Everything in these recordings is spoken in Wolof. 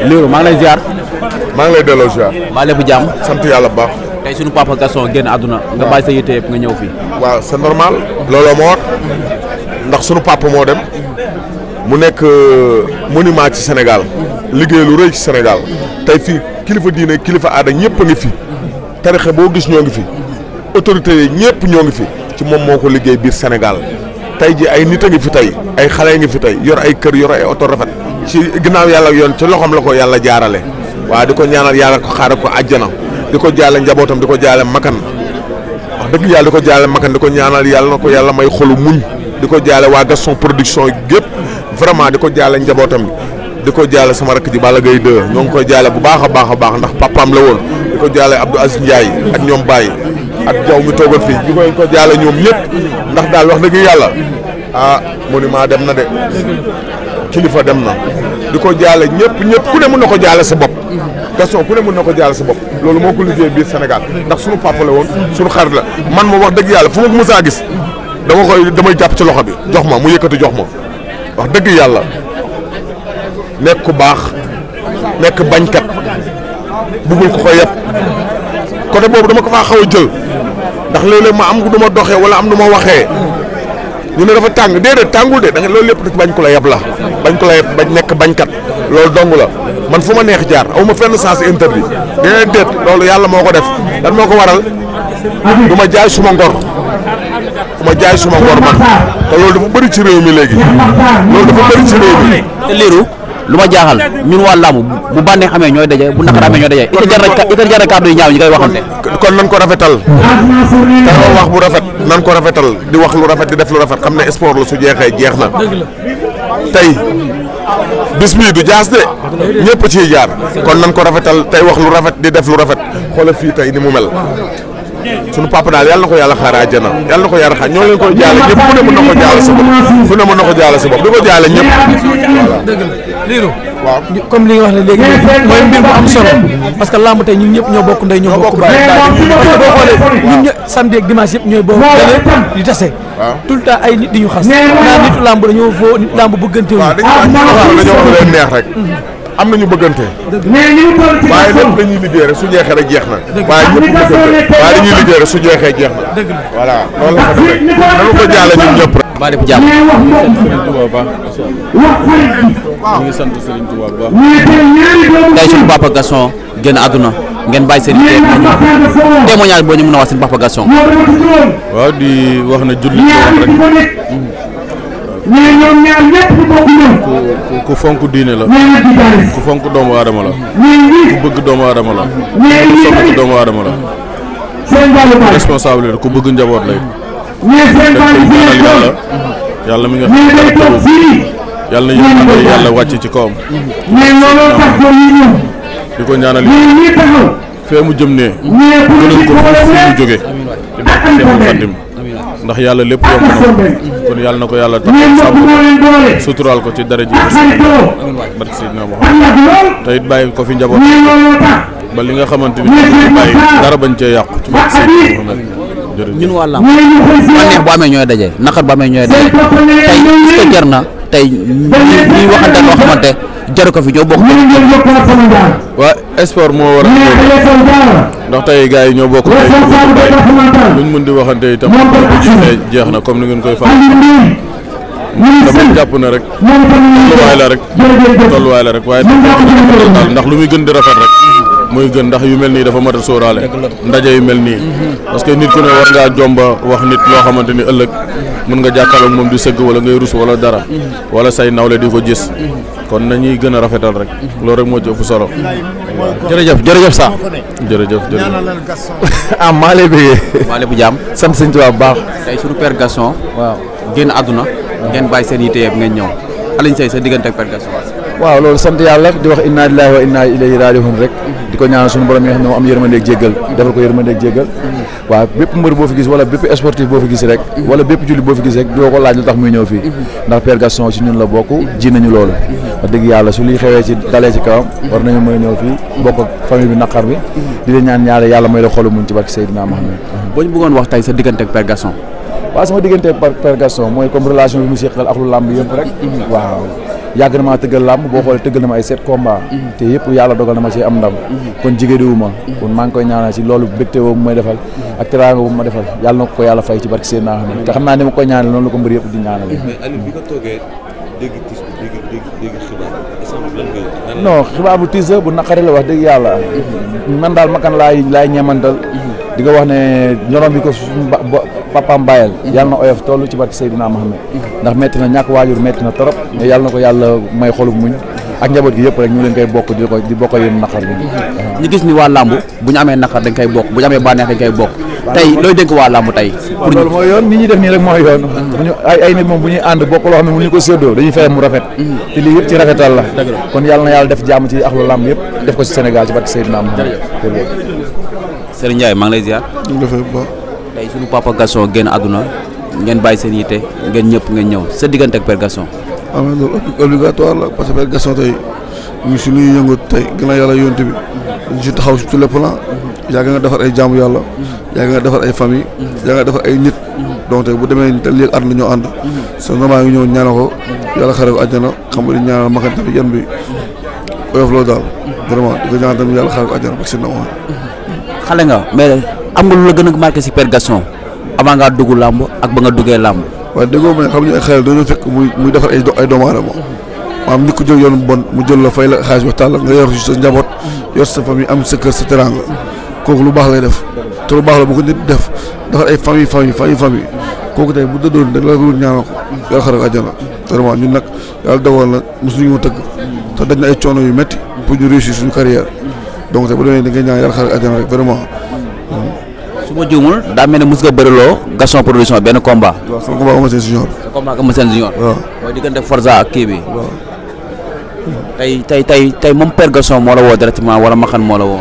Lirou maa ngi lay ziar. maa ngi lay delloo ziar. maa jàmm. sant yàlla bu baax. tey sunu papa Gaston génn àdduna. nga bàyyi sa yitte yëpp nga ñëw fii. waaw c'est normal. looloo ma war ndax sunu papa moo dem. mu nekk euh, monument ci Sénégal. liggéey lu rëy ci Sénégal. tey fii kilifa diine kilifa aada ñëpp a ngi fi. tarixe boo gis ñoo ngi fi. autorités yi ñëpp ñoo ngi fi. ci moom moo ko liggéey biir Sénégal. tey ji ay nit a ngi fi tey ay xale ngi fi yor ay kër yor ay oto rafet ci ginnaaw yàlla yoon ci loxoom la ko yàlla jaarale waaw di ko ñaanal yàlla ko xaare ko àjjana di ko jaale njabootam di ko jaale makan wax dëgg yàlla di ko jaale makan di ko ñaanal yàlla na ko yàlla may xolu muñ di ko jaale waa Gaston production gépp vraiment di ko jaale njabootam di ko jaale sama rakk ji Balla Gaye 2 ñoo ngi koy jaale bu baax a baax ndax papaam la woon di jaale Abdou Aziz Ndiaye ak ñoom Baye ak jaw mi toogoon fii ñu koy ko jaale ñoom ñëpp ndax daal wax dëgg yàlla ah monument dem na de kilifa dem na di ko jaale ñëpp ñëpp ku ne mën na ko jaale sa bopp question ku ne mën na ko jaale sa bopp loolu moo ko liggéey biir Sénégal ndax suñu papa la woon suñu xarit la man ma wax dëgg yàlla fu ma ko mës a gis dama koy damay jàpp ci loxo bi jox ma mu yëkkati jox ma wax dëgg yàlla nekk ku baax nekk bañkat bëggul ko ko yëpp côté boobu dama ko fa xaw jël ndax léeg ma am duma doxé wala am duma waxé ñu ne dafa tang dédé tangul dé da nga loolu lépp da bañ ko la yab la bañ ko la yab bañ nek bañ kat loolu dong la man fuma neex jaar awuma fenn sens interdit déedéet dét loolu yalla moko def lan moko waral duma jaay suma ngor du ma jaay suma ngor man te loolu dafa bari ci réew mi légui loolu dafa bari ci réew mi liiru lu ma jaaxal ñun waa làmb bu bànneex amee ñooy daje bu naqar amee ñooy daje ita jar kàddu yi ñaaw ñi koy waxante kon nan ko rafetal te loolu wax bu rafet nan ko rafetal di wax lu rafet di def lu rafet xam ne sport la su jeexee jeex na tey bis bii du jaas de ñëpp ciy jaar kon nan ko rafetal tey wax lu rafet di def lu rafet xoola fii tey ni mu mel sunu papa daal yàlla na ko yàlla xaar àjjana yàlla na ko yàlla xaar ñoo leen koy jaale ñëpp ku na ko jaale sa bopp ku ne mën na ko jaale sa comme li nga wax ne léegi mooy mbir bu am solo parce que làmb tey ñun ñëpp ñoo bokk ndey ñoo bokk baay parce que boo xoolee ñun ñëpp samedi ak dimanche yëpp ñooy bokk benn di tase waaw tout le temps ay nit di ñu xas naa nitu lamb dañoo foo nit lamb bëggante waaw dañoo wax dañoo wax leen neex rek mm-hmm. am nañu bëggante waaye lépp dañuy liggéey su jeexee rek jeex na waaye ñëpp bëggante waaye su jeexee jeex na voilà loolu la ko defee nanu ko jaale ñun ñëpp rek baa def baax ñu ngi sant Serigne Touba baax tey suñu Papa Gaston génn ngeen bàyyi seen liggéey témoignage boo ñu mën a di wax na julli ko mais ñoom ñaar ñëpp ñu bokk ñoom ku fonk diine la ñaar di dal ku fonk doomu aadama la mais ku bëgg doomu aadama la mais ku sopp doomu aadama la seen balu baal responsable la ku bëgg njaboot lay mais seen balu bi la yàlla mi nga xam ne yalla ñu xamal yalla wacc ci kawam mais lolo tax do ñu ñu diko ñaanal ñu ñi taxaw fe mu jëm ne ñu ko fi mu joge ak xadim ndax yàlla lépp yomb na ko kon yàlla na ko yàlla tax ko suturaal ko ci dara ji barke bàyyi ko fi njaboot ba li nga xamante ni bàyyi dara bañ cee yàqu ci barke Seydina Muhammad ñun waa làmb bu amee ñooy daje naqar bu amee ñooy daje tey est na tey waxante loo xamante jaru ko fi ñoo bokk. waa sport moo war ndax tey gars yi ñoo bokk. luñ mën di waxante itam jeex na comme ni ngeen koy faral. dama jàpp na rek. tolluwaay la rek. tolluwaay la rek waaye ndax lu muy gën di rafet rek. mooy gën ndax yu mel nii dafa mat a sóoraale ndaje yu mel nii mm-hmm. parce que nit ku ne war ngaa jomba wax nit loo xamante ni ëllëg mun nga jàkkaarloog moom di sëgg wala ngay rus wala dara mm-hmm. wala say nawle di ko gis mm-hmm. kon nañuy gën a rafetal rek loolu rek moo ci solo jërëjëf jërëjëf sa jërëjëf ah maa lay bu jaam sant sëñ Tuubaa baax tey suñu père Gaston waaw génn àdduna ngeen bàyyi seen yitte yëpp ngeen ñëw Alioune Seye sa diggante ak père Gaston waaw loolu sant yàlla di wax inna lillahi wa inna ilayhi rek di ko ñaanal suñu borom yi nga xam ne moo am yërmandeeg jéggal defal ko yërmandeeg jéggal waaw bépp mbër boo fi gis wala bépp sportif boo fi gis rek wala bépp julli boo fi gis rek doo ko laaj lu tax muy ñëw fii ndax Père Gaston ci ñun la bokk ji nañu loolu wax dëgg yàlla su liy xewee ci dalee ci kawam war nañu mën ñëw fii bokk ak famille bi naqar bi di leen ñaan ñaare yàlla may la xolu muñ ci barke Seydina Muhammad boo ñu bëggoon wax tey sa diggante ak wa sama digënté par Père Gaston comme relation bi mu seqal ak lu yëpp rek. Mhm. Mhm. waaw yàgg na maa tëggal làmb boo xoolee tëggal na ma ay set combat mhm. té yëpp yalla dogal na ma ci am ndam. kon jigéenuwu ma. kon maa ngi koy ñaanal ci loolu bégte woo bu may defal. ak teranga wu ma defal yalla nako ko yàlla fay ci barke seen naa xam te xam naa ni ma koy ñaanal non la ko mbir yëpp di ñaanal. mais ali bi ko togué dégg tis dégg dégg dégg xibaar. non xibaar bu tiis bu naqari la wax dëgg yàlla. man daal makan laay laay ñeemantal di nga wax ne ñorom bi ko Papa bàyyal yàlla na oyof tolu ci barke sayyidina mohammed ndax metti na ñak wajur metti na torop ne yàlla na ko yàlla may xolum muñ ak njabot gi yep rek ñu leen kay bok di ko di bok yeen nakar bi ñu gis ni wa lamb bu ñu amee naqar dañ kay bok. bu ñu amee bànneex dañ kay bok tay loy dénk wa lamb tay pour ñu mooy yoon ni ñi def ni rek mooy yoon bu ñu ay ay nit mom bu ñuy ànd bokk loo xam ne ko seddo dañuy fay mu rafet mhm. te li yep ci rafetal la kon yalla na yalla def jamm ci akhlu lamb yep def ko ci senegal ci barke sayyidina mohammed Serigne Ndiaye mang lay ziar ñu def bok tey suñu papa Gaston génn àdduna ngeen bàyyi seen yitte ngeen ñëpp ngeen ñëw sa diggante ak père Gaston. waaw ah, mais loolu obligatoire la parce que père Gaston tey ñu suñuy yëngu tey gën a yàlla yonent bi ñu si taxaw sur le plan yaa nga defar yàlla bu demee te léegi at la ñoo ànd sa normal ngi ñëw ñaana ko yàlla xare ko àjjana xam nga di yan bi oyof loolu daal vraiment di ko ñaan yàlla xare ko àjjana parce que na xale nga amul la gëna marqué ci Père Gaston avant nga duggu lamb ak ba nga duggé lamb wa déggoo mo xam ñu ay xel dañoo fekk muy muy defar ay ay doomu aadama maanaam nit ku jël yoon bon mu jël la fay la xaj wax la nga yor sa njabot yor sa fami am sa kër sa terang ko lu bax lay def to lu bax la bu ko nit def defar ay fami fami fami fami ko ko tay bu dëddoon da la wut ñaanal ko xara xaral jëna vraiment ñun nak yalla dawal na mosuñu ñu tegg ta dañ na ay choono yu metti pour ñu réussir suñu carrière donc tey bu doone da ngay ñaan yalla xara xaral jëna rek vraiment suma jumul da melni mus nga beurelo gaston production ben combat sama combat ko monsieur junior combat ko monsieur junior wa moy digënté forza ak kibi tay tay tay tay mom père gaston mo la wo directement wala makan mo la wo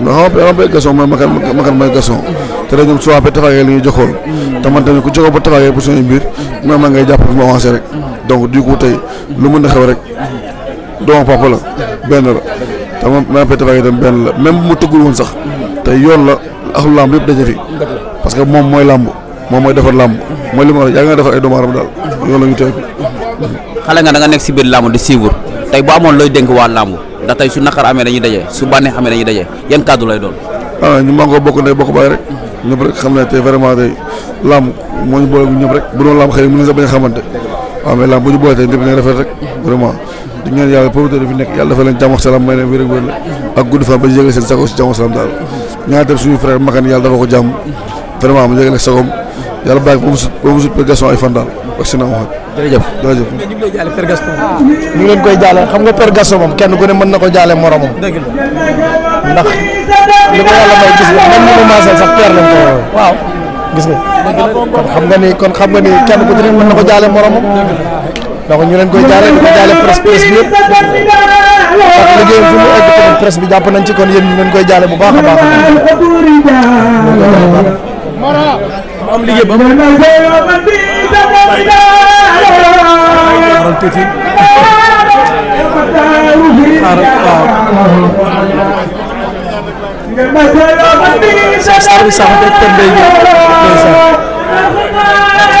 non père père gaston mo makan makan moy gaston té la dañum suwa pé tafagé li ñu joxol té man tamit ku joxo ba tafagé bu suñu bir mo ma ngay japp mo avancer rek donc du coup tay lu mëna xew rek doom papa la ben la tamam ma pé tafagé tam ben la même mu teggul won sax tay yoon la axul lamb yep daje fi parce que moom mooy lamb moom mooy defar lamb mooy li ma nga defar ay doomu aadama daal loolu la ñu nga da nga nek si biir lamb di suivre tey bu amoon loy dénk wa lamb da tey su naqar amee dañuy daje su bànneex amee dañuy daje yan kàddu lay doon ah ñu maa ngi ko bokk ndey bokk baay rek ñëpp rek xam ne tey vraiment tey lamb moo ñu boole rek bu doon lamb xëy mën nga bañ ah, lamb bu ñu rafet rek vraiment di ñaan yàlla promoteur fi nekk yàlla dafa leen jàmm ak salaam may leen wér ak gudd fan ba yëgal seen sago si jàmm salam dah. ñaanal tam suñu frère Makan yàlla dafa ko jàmm vraiment mu yëgale sagom yàlla bàyyi ba mu sut ba mu sut pérgaston ay fan daal wax si naa waxoon. jaale pérgaston. leen koy jaale xam nga pérgaston moom kenn ku ne mën na ko jaale moromam. dëgg la ndax li ma maasal sax père lañ ko nga. kon xam nga ni kon xam nga ni kenn ku ne mën na ko jaale moromam. donc ñu leen koy jaaree di ko jaale presse presse bi yëpp ak liggéeyam fi mu jàpp nañ ci kon yéen ñu leen koy jaale bu baax a baax a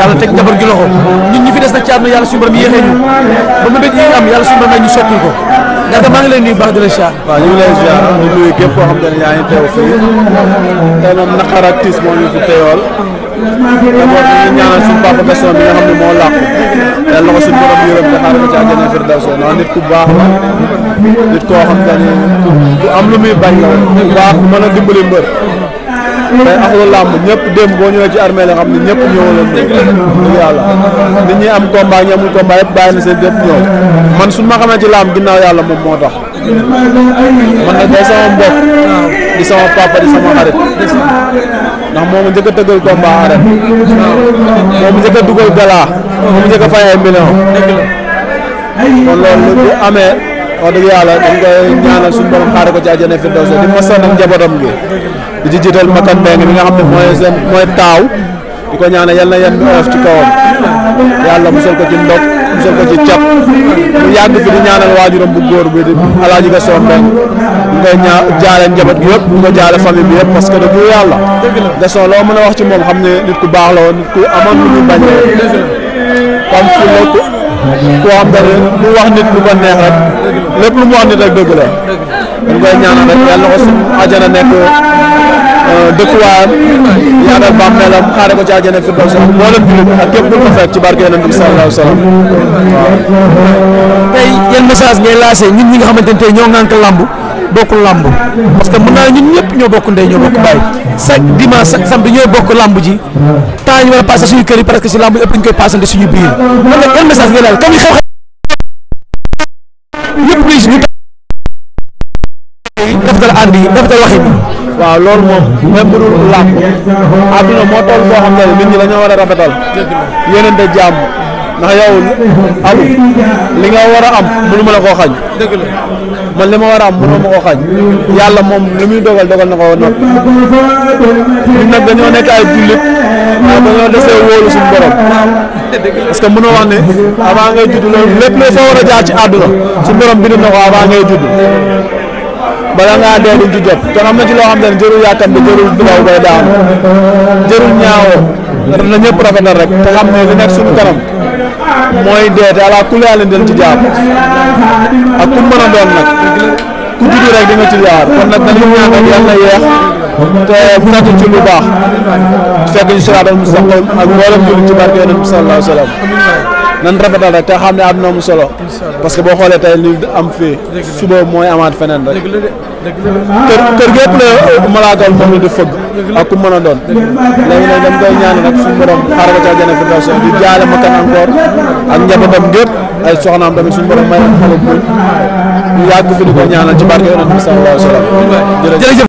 yalla tek jabar gi loxo ñun ñi fi dess nak ci aduna yalla suñu borom yexé ñu ba mu bëgg yi am yalla suñu borom ñu soppi ko daga ma ngi leen nuyu baax di la xaar wa ñu lay xaar ñu nuyu képp ko xamanteni yaa ngi teew fi tay mom naqar tis mo ñu fi teewal d'abord ñu ñaanal suñu papa personne bi nga xamne mo laq yalla ko suñu borom yërëm te xaaral ci aljana firdaus na nit ku baax la nit ko xamanteni ku am lu muy bañ la ku baax mëna dimbali mbeur mais ak la lamb dem boo ñëwee ci armée la xam ne ñëpp ñëwaloon ñu nit ñi am combat ñi combat yëpp bàyyi seen yëpp ñëw man su ma xamee ci lamb ginnaaw yàlla moom moo man nag day sama mbokk di sama papa di sama xarit ndax moom njëkk tëggal combat gala fay ay million kon loolu bu wax dëgg yàlla dañ koy ñaanal suñu borom ko ci àjjana fi daw di ma sonal gi di ci jiital makan mbeng mi nga xam ne mooy seen mooy taaw di ko ñaanal yal na yan bi oof ci kawam yàlla musal ko ci ndog musal ko ci cap mu yàgg fi di ñaanal waajuram bu góor bi di alaaji ga soon mbeng ñu koy ñaa jaale njaboot gi yëpp ñu ko jaale famille bi yëpp parce que dëgg yàlla ga soon loo mën a wax ci moom xam ne nit ku baax la woon nit ku amoon ñu bañ kon fu nekk koo xam ne lu wax nit lu ko neex rek lépp lu mu wax nit rek dëgg la dañ koy ñaanal rek yàlla ko ajana nekk dëkkuwaayam ñaanal bàmmeelam xaare ko ci àjjana firdaws ak mboolem julit ak képp ku ko fekk ci barke yonent bi sallallahu alayhi wa sallam waaw tey yan message ngay lancé ñun ñi nga xamante ne tey ñoo ngànk lamb bokk lamb parce que mën ñun ñëpp ñoo bokk ndey ñoo bokk bàyyi chaque dimanche chaque samedi ñooy bokk lamb ji temps yi ñu war a passé suñu kër yi parce que si lamb yi ëpp ñu koy passante suñu biir man nag yan message ngay lancé comme xew yëpp ngay suñu daf dal ànd yi daf dal waxin waaw loolu moom même bu dul làmb àdduna moo toll boo xam ne nit ñi dañoo war a rafetal yéenante jàmm ndax yow am li nga war a am mënu ma la koo xañ dëgg la man li ma war a am mënu ma koo xañ yàlla moom li muy dogal dogal na ko nopp ñun nag dañoo nekk ay jullit waaw dañoo desee wóolu suñu borom parce lépp loo fa war a jaar ci àdduna suñu borom bind na ko avant ngay judd bala ngaa dee duñ ci jot kon am na ci loo xam ne jërul yàkkam bi jërul daw koy daan jërul ñaawoo na ñëpp rafetal rek te xam ne li nekk suñu kanam mooy dee te ala kulli dañ ci jàpp ak ku mën a nag ku juddu rek di ci jaar kon nak dañu ñaanal yalla yeex te fekk ci lu baax fekk ci siraatal mustaqim ak mbolam julli ci barke nabi sallallahu alayhi wasallam nan rafetal rek te xam am na mu solo parce que boo xoolee tey li am fii suba mooy amaat feneen rek kër kër gépp la malaakal moom di fëgg ak ku mën doon léegi nag koy ñaan suñu borom ca fi di jaale encore ak ay soxnaam suñu borom may yàgg fi di ko ñaanal ci barke yonent bi sallallahu alayhi wa sallam jërëjëf